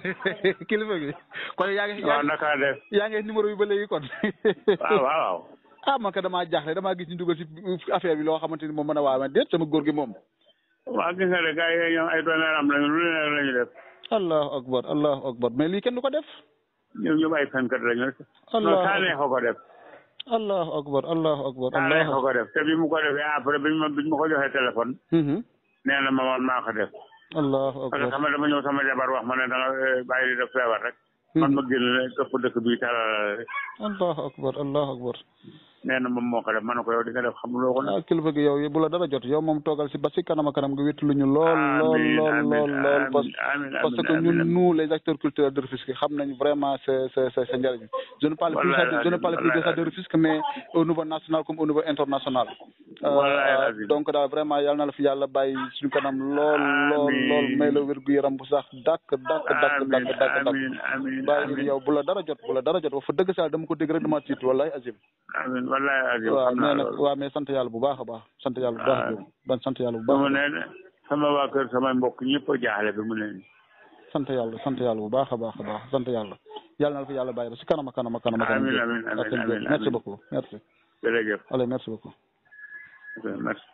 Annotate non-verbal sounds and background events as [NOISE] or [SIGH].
[LAUGHS] kilifa gi kon yaa ngi. waaw naka def yaa bi ba léegi kon. [LAUGHS] waaw waaw. ah man ka damaa jaaxle damaa gis ñu dugal ci affaire bi loo xamante ni moom man a waame déet sama góor gi moom. waaw gis nga de gars yi ñoom lañu lu leen lañu du ko def. ñoom ñoom ay fenkat lañu rek. allahu non saa neexoo ko def. allahu akbar allahu akbar. saa neexoo ko def te bi mu ko defee après bi ma ko joxee téléphone. Mhm. nee ma maa ko def. allahu akbar xam nga dama ñëw sama jabar ne da eh, bàyyi di def feebar rek. Hmm. bi talala rek. allahu akbar allahu akbar. na moom moo ko def ma ne ko yow di nga def xamuloo ko. ah kilifa gi yow bu la dara jot yow moom toogal si ba si kanam a kanam nga wétalu ñu lool. amiin amiin lool lool lool parce que ñun nous les acteurs culturels de Rufisque xam nañ vraiment sa sa sa sa njëriñ. je ne parle plus je ne de ça de mais au niveau national comme au niveau international. wallaay euh, donc daal vraiment yal na la fi yàlla bàyyi suñu kanam lool lool lool may la wér gu yaram bu sax dàkk dàkk dàkk dàkk dàkk dàkk bàyyi yow bu la dara jot bu la dara jot wax fa dëgg saa dama ko dégg rek dama tiit wallaay azim amiin wallaay azim waaw mais nag waaw yàlla bu baax a baax sant yàlla bu baax ban sant bu baax mu ne sama waa kër sama mbokk ñëpp a mu ne sant yàlla yàlla bu baax a baax a baax yàlla yàlla na la fi yàlla bàyyi ba si kanam a kanam a kanam a kanam merci beaucoup merci jërëjëf allez merci beaucoup Merci.